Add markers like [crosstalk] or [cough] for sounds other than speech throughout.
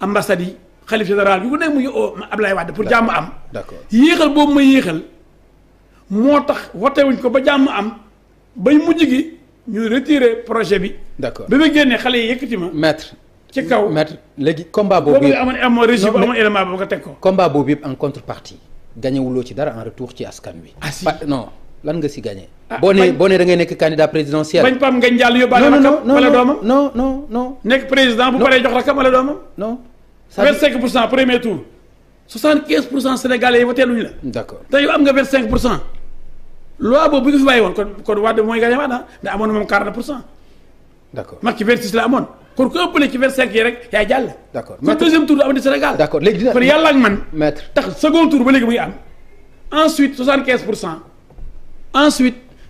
ambassade yi xalif général bi ku nekk mu ngi oo Ablaye Wade pour jàmm am. d'accord yéexal boobu ma yéexal moo tax wotewuñ ko ba jàmm am bañ mujj gi ñu retiré projet bi. d'accord ba ma génnee xale yi yëkkati ma. maître ci kaw maître léegi combat boobu yëpp boobu amoon régime amoon élément ba ko teg ko. combat boobu yëpp en contrepartie. gañewuloo ci dara en retour ci askan i ah si non lan nga si gagné. ah boo nee boo nee da ngay nekk candidat présidentiel. bañ Pam Ngagne Diallo yóbbaale. non non non wala doomam non non non. nekk président bu paree jox rakam wala doomam non. vingt-cinq pour cent premier tour soixante-quinze pour cent sénégalais yi voté luñu la d'accord te yow am nga vingt-cinq pour cent loi boobu bu ñu fi bàyyi woon kon kon Wade mooy gagné Wade ndax ah. amoon moom quarante pour cent d'accord Macky ci vingt-cinq yi rek yaay jàll d'accord kon tour du am di Sénégal d'accord léegi dina kon yàlla man tax second tour ba léegi mu ngi am ensuite soixante-quinze pour cent ensuite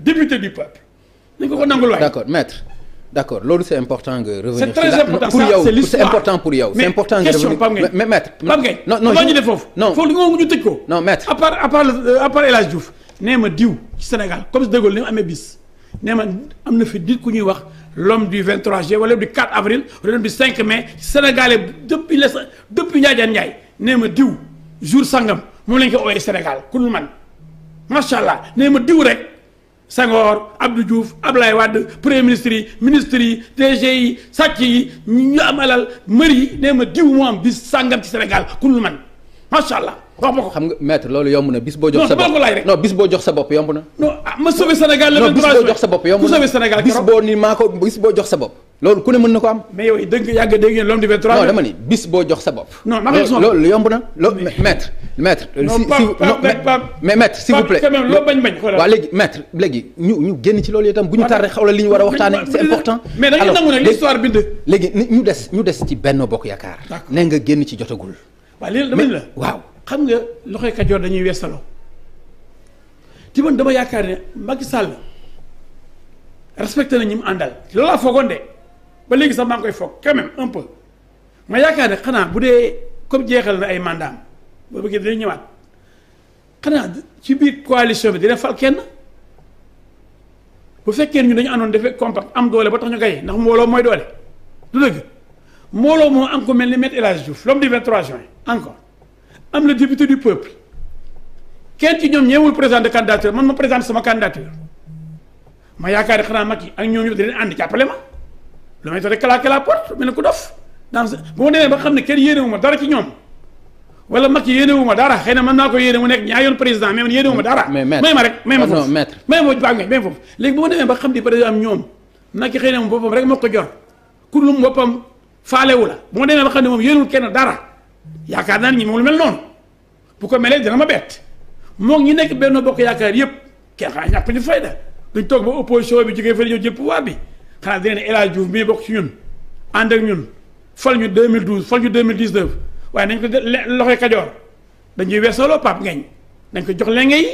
député du peuple. nañu ko ko nangul waay d'accord maître d'accord loolu c'est important nga. revenir c'est très important pour yow c'est important pour yow. c'est important nga revenir mais maître. Pape Ngagne non non ñu def tëj ko. non maître à part à part nee ma diw ci Sénégal comme De Gaulle ni mu amee bis. nee ma am na fi nit ku ñuy wax l'homme du 23 juillet wala du 4 avril wala du 5 mai sénégalais depuis la depuis Ndiadiane Ndiaye nee ma diw jour sangam moom lañ ko ooyee Sénégal ku man macha allah nee ma diw rek. Senghor Abdou Diouf Ablaye Wade premier ministre yi ministre yi DG yi sàcc yi ñu am alal mër nee ma diw moo am bis sàngam ci Sénégal ku man macha allah. ma ko xam nga na bis boo boo jox sa bopp yomb na. non ah ma bis boo jox sa bopp yomb na ku sauvé Sénégal bis boo ni maa boo jox sa bopp. loolu ku ne mën na ko am. mais yow dégg bis boo jox sa bopp. ma loolu yomb na loolu maître maître non mais maître s'il vous plaît loo bañ bañ waaw léegi maître léegi ñu ñu génn ci loolu itam bu ñu tardé xawla li ñu war a waxtaane c'est important mais da ngeen nangu ne l'histoire bind léegi ñu des ñu des ci Benno Bokk Yaakaar ne nga génn ci jotagul waaw léegi dama la waaw xam nga loxoy Kajoor dañuy weesaloo ti man dama yaakaar ne Macky Sall respecté na ñi mu àndal loolu laa foogoon de ba léegi sax maa ngi koy foog quand même un ma yaakaar ne xanaa bu dee comme jeexal na ay mandaam boo bëggee dina ñëwaat xanaa ci biir coalition bi dina fal kenn bu fekkee ñu dañu àndoon defee compact am doole boo tax ñu gaye ndax mbooloo mooy doole du dëgg mbooloo moo am ko mel ni Maître El Hadji Diouf l'homme du 23 juin encore am le député du peuple kenn ci ñoom ñeewul présenté candidature man ma présenté sama candidature ma yaakaar xanaa mag yi ak ñooñu dinañ ànd jàppale ma lu may tax rek mel ne ku dof dans bu ma ba xam ne kenn yéenewuma dara ci ñoom. wala Macky yéene wu ma dara xëy na man naa ko yéene mu nekk ñaar yoon président mais man yéene wu ma dara. mais maître may ma rek may ma ah foofu may ma na moom boppam rek moo ko jor ku dul boppam faalewu la bu demee ba xam ne moom yéenul kenn dara yaakaar naa ne moom lu mel noonu bu ko melee dina ma bett moom ñi nekk benn bokk yaakaar yëpp kenn xanaa ñàkk ñu fayda dañ toog ba opposition bi jógee fële ñëw jël pouvoir bi xanaa dinañ ne El Hadj Diouf bokk ci ñun ànd ak ñun fal ñu 2012 fal ñu 2019 waaye nañ ko loxoy kajoor dañuy solo Pape Ngagne nañ ko jox lenge yi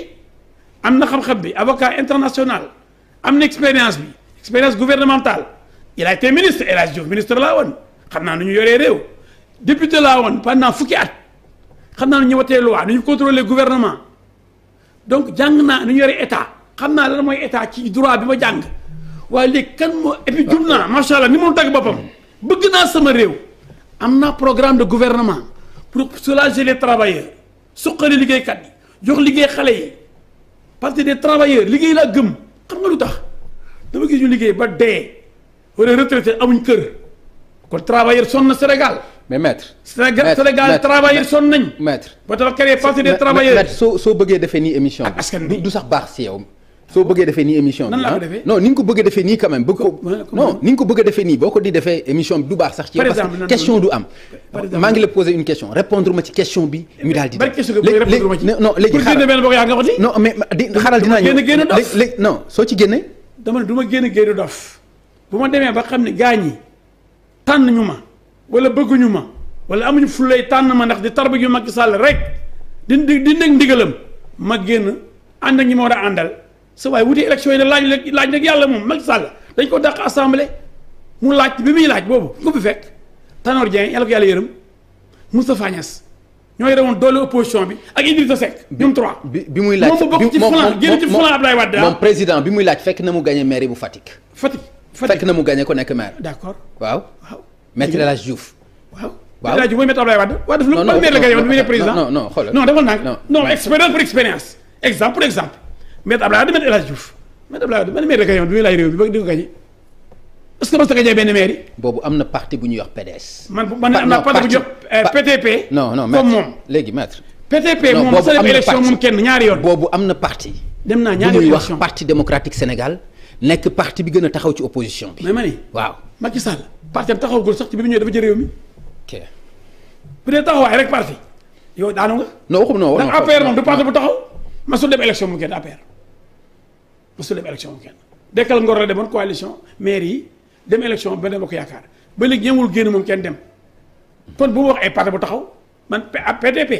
am na xam-xam bi avocat international am na expérience bi expérience gouvernementale il a été ministre El Hadj Diouf ministre laa woon xam naa nu ñu yoree réew député laa woon pendant fukki at xam naa nu ñu watee loi nu ñu contrôler gouvernement donc jàng naa nu ñu yore état xam naa la mooy état ci droit bi ma jàng waaye léegi kan moo et puis jub naa macha allah ni moom dagg boppam bëgg naa sama réew am naa programme de pour soulager les travailleurs suqali liggéeykat yi jox liggéey xale yi parce que des travailleurs liggéey laa gëm xam nga lu tax dama gis ñu liggéey ba dee wala retraité amuñ kër kon travailleur sonn na Sénégal. mais maître Sénégal Sénégal travailleur sonn nañ. maître ba tax créé parti des travailleurs. soo soo bëggee defee nii émission bi. Ah, du sax baax si yow. soo bëggee defee nii émission bi ah. non ni nga ko bëggee defee nii quand même bëgg ko non ni nga ko bëggee defee nii boo ko di defee émission bi du baax sax ci parce question du am maa ngi la poser une question répondre ma ci question bi ñu daal di non léegi non mais soo ci génne dama ne du ma génn génn dof bu ma demee ba xam ne gaa ñi tànn ñu ma wala bëgguñu ma wala amuñu fulay tànn ma ndax di tarba yu Macky Sall rek di di nekk ndigalam ma génn ànd ak ñi ma war a àndal sa waay wutee élection yi ne laaj rek laaj rek yàlla moom Macky Sall dañ ko dàq assemblée mu laaj bi muy laaj boobu nga fi fekk Tanor Dieng yàlla ko yàlla yërëm Moustapha Niass ñoo yorewoon doole opposition bi ak Idrissa Seck. ñoom trois bi bi muy laaj moom bokk ci flan génn ci flan Abdoulaye Wade moom président bi muy laaj fekk na mu gagné mairie bu Fatick. Fatick Fatick fekk na mu gagné ko nekk maire. d'accord waaw. waaw maître El waaw waaw la gagné woon maître Abdoulaye Wade maître El Hadj Diouf maître Abdoulaye Wade man maire da koy yoon bi muy laaj réew bi ba di ko gañe est-ce que mos nga gañe benn maire yi. boobu am na parti bu ñuy wax PDS. man man am na parti bu ñuy wax eh, PTP. non non maître comme moom léegi maître. PTP moom mos a dem élection moom kenn ñaari yoon. boobu am na parti. dem naa ñaari élection bu ñuy wax parti démocratique Sénégal nekk parti bi gën a taxaw ci opposition bi. mais ma ni waaw Macky Sall parti am taxawagul sax ci bi mu ñëwee dafa jël réew mi. ok bu dee taxawaay rek parti yow daanu nga. non waxum non non APR moom du parti bu taxaw ma su dem élection moom kenn APR mosul dem élection kenn dekkal ngor la demoon coalition maire yi dem élection ba dem ko yaakaar ba léegi ñëwul génn moom kenn dem kon bu wax ay parti bu taxaw man pe PDP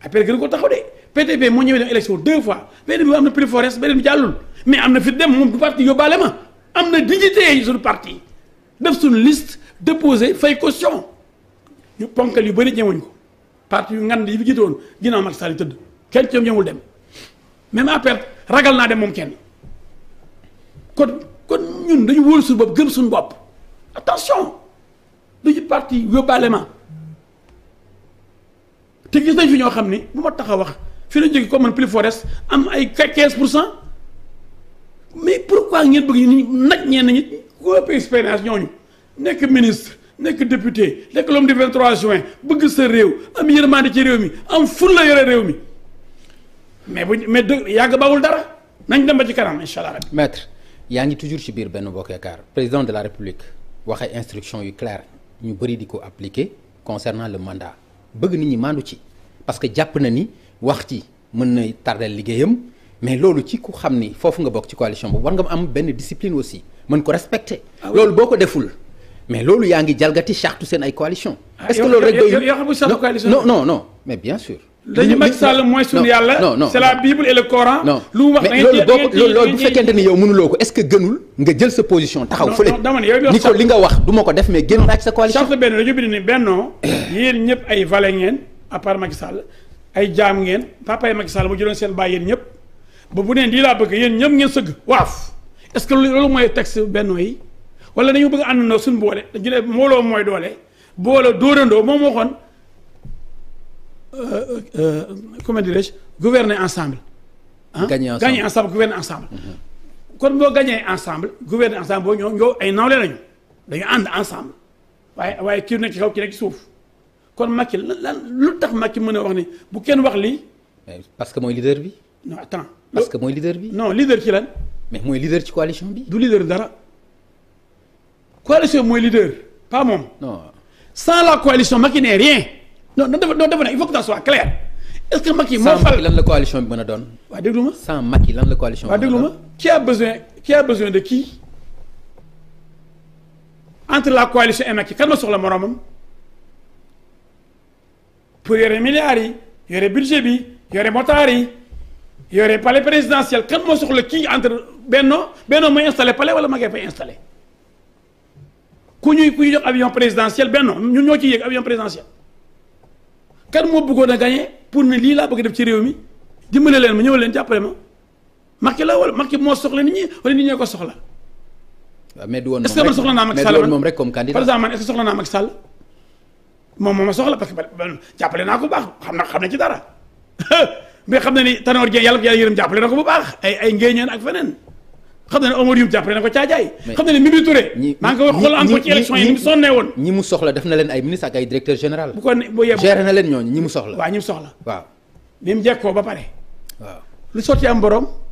après ah, gën ko taxaw de PDP moo ñëwee dem élection deux fois beneen bi am na plus forest beneen jàllul mais am na fit dem moom du parti yóbbaale ma am na dignité yi suñu parti def suñu liste déposé fay caution ñu ponkal yu bëri ñëwuñ ko parti yu ngand yi fi jiite woon ginnaaw Macky Sall tëdd kenn ci ñoom dem même après ragal naa dem moom kenn. kon kon ñun dañu wóolu suñu bopp gëm suñu bopp attention dañu parti globalement te gis nañ fi ñoo xam ni bu ma tax wax fi la jógee comme man plus forest am ay quinze pour cent mais pourquoi ngeen bëgg ñu naj ñeen nañu ko ëpp expérience ñooñu nekk ministre nekk député nekk l'homme du 23 juin bëgg sa réew am yërmande ci réew mi am ful la yore réew mi mais bu mais dëgg yàgg bawul dara nañ dem ba ci kanam incha allah. maître. yaa ngi toujours ci biir benn bokk yaakaar président de la république wax ay yu claires ñu bëri di ko appliquer concernant le mandat bëgg nit ñi mandu ci parce que jàpp na ni wax ci mën na tardel liggéeyam mais loolu ci ku xam ni foofu nga bokk ci coalition boobu war nga am benn discipline aussi mën ko respecter. Ah loolu boo ko deful. mais loolu yaa ngi jalgati chartu seen ay coalition ah, est-ce que loolu rek doyul non non non mais bien sûr. dañu Macky Sall mooy suñu yàlla. non non c'est la Bible lu mu wax da ngeen loolu loolu fekkente ni yow mënuloo ko est-ce que gënul nga jël sa position taxaw fële. ni ko li nga wax du ma ko def mais génn naa ci sa coalition. charte benn dañu [coughs] ñëpp ngeen à part Macky Sall ay jaam ngeen papa yi Macky Sall ñëpp ba bu neen lii laa bëgg yéen ñëpp ngeen sëgg waaf est-ce que loolu mooy texte bennoo yi wala dañu bëgg àndandoo suñu boole dañu ne mbooloo mooy doole boole dóorandoo moom waxoon Euh, euh, comment dirais-je gouverner ensemble. ah gagner ensemble gagner ensemble gouverner ensemble. kon boo gagné ensemble gouverner ensemble boo ñëw ñëw ay nawle lañu dañu ànd ensemble waaye waaye kii nekk ci kaw kii nekk suuf kon Macky la lan lu tax Macky mën a wax ni bu kenn wax lii. parce que mooy leader bi. non attends parce que mooy leader bi. non leader ci lan. mais mooy leader ci coalition bi. du leader dara. coalition mooy leader pas moom. sans la coalition Macky n'est rien. non non dafa ne il faut que ça soit clair est-ce que Macky moo fal lan la coalition bi mën a doon. waaw déglu ma sans Macky lan la coalition. waaw déglu ma qui a besoin qui a besoin de qui entre la coalition et Macky kan ma soxla moromam pour yore milliards yi yore budget bi yore motards yi yore palais présidentiel kan moo soxla kii entre Benno Benno mooy installé palais wala Macky fay installé ku ñuy ku ñuy jox avion présidentiel Benno ñun ñoo ciy yëg avion présidentiel. kan moo bëggoon a gagné pour ne lii laa bëgg def ci réew mi dimbale leen ma ñëw leen jàppale ma ki la wala ki moo soxla ni ñi wala nit ñee ko soxla. waaw du woon moom rek est-ce que man soxla naa man moom rek comme candidat par exemple man est-ce que moom ma soxla parce que man naa ko bu baax xam na xam na ci dara [laughs] mais xam ne ni Tanor Dieng yàlla ko yàlla yërëm jàppale na ko bu baax ay ay ngéeñeen ak feneen xam na ne Omar Youm jàppale na ko caajaay. xam na ne Mimi Touré. maa koy xool encore ci élection yi ni mu sonnee woon. ñi mu soxla def na leen ay ministre ak ay directeur général. bu ko bu yem géré na leen ñooñu ñi mu soxla. waaw ñi mu soxla. waaw. bi mu jekkoo ba pare. waaw lu sotti am borom.